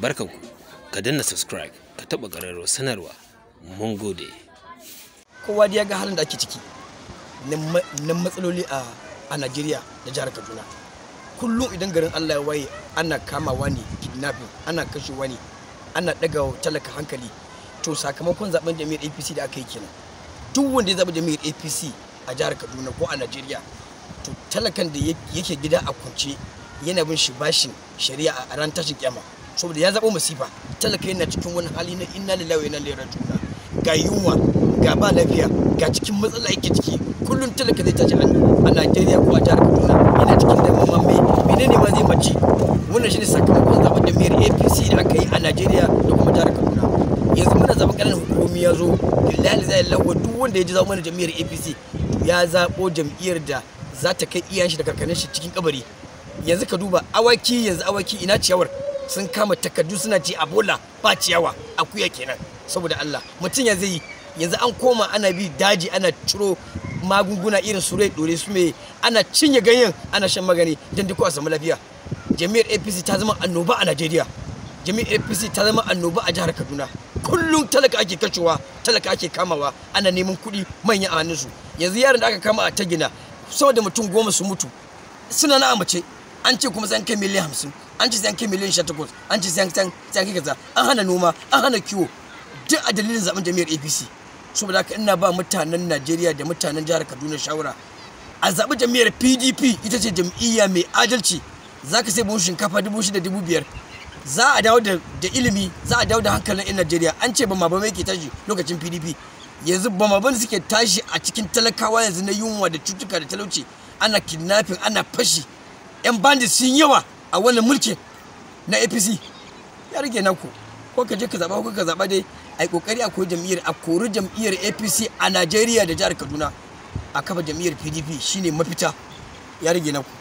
barkanku ka danna subscribe ka taba ƙararrawar sanarwa mun gode kowa da ya ga halin da ake ciki na matsaloli a najeriya da jihar kaduna kullum idan garin allah ya waye ana kama ne kidnapping ana kashewa ne ana ɗaga talaka hankali to sakamakon zaben jami'ar apc da aka yi kenan duk wanda ya zaba jami'ar apc a jihar kaduna ko a najeriya to talakan da yake gida a kunce yana bin shi bashin shari'a a ran tashin kyama saboda ya zaɓo masifa talaka yana cikin wani hali na inna lillahi inna ilaihi raji'un ga yunwa ga ba lafiya ga cikin matsala yake ciki kullum talaka zai tashi a Najeriya ko a jihar Kaduna yana cikin da mamaye menene ma zai mace wannan shine sakamakon zaben jam'iyyar APC da aka yi a Najeriya da kuma jihar Kaduna yanzu muna zaben ƙananan hukumomi ya zo lillahi zai lawa duk wanda ya ji zaben jam'iyyar APC ya zaɓo jam'iyyar da za ta kai iyayen shi da kakannin shi cikin kabari yanzu ka duba awaki yanzu awaki ina ciyawar sun kama takardu suna ci a bola ba ciyawa akuya kenan saboda Allah mutum ya zai yanzu an koma ana bi daji ana ciro magunguna irin su rai dore su mai ana cinye ganyen ana shan magani don duk a samu lafiya jami'ar apc ta zama annoba a najeriya jami'ar apc ta zama annoba a jihar kaduna kullum talaka ake kashewa talaka ake kamawa ana neman kuɗi manyan a hannunsu yanzu yaran da aka kama a ta gina sama da mutum goma su mutu suna na mace an ce kuma zan kai miliyan hamsin an ce zan kai miliyan sha takwas an ce zan kai kaza an hana noma an hana kiwo duk a dalilin zaben jami'ar apc saboda haka ina ba mutanen najeriya da mutanen jihar kaduna shawara a zaɓi jami'ar pdp ita ce jam'iyya mai adalci za ka sai bushin shinkafa dubu shida dubu biyar za a dawo da ilimi za a dawo da hankalin 'yan najeriya an ce ba ma ba ke tashi lokacin pdp yanzu ba ma suke tashi a cikin talakawa yanzu na yunwa da cutuka da talauci ana kidnapping ana fashi 'yan bandit sun yawa a wannan mulkin na apc ya rage naku ko ka je ka zaba ko ka zaba dai a yi kokari a koyi jam'iyyar a kori jam'iyyar apc a najeriya da jihar kaduna a kafa jam'iyyar pdp shine mafita ya rage naku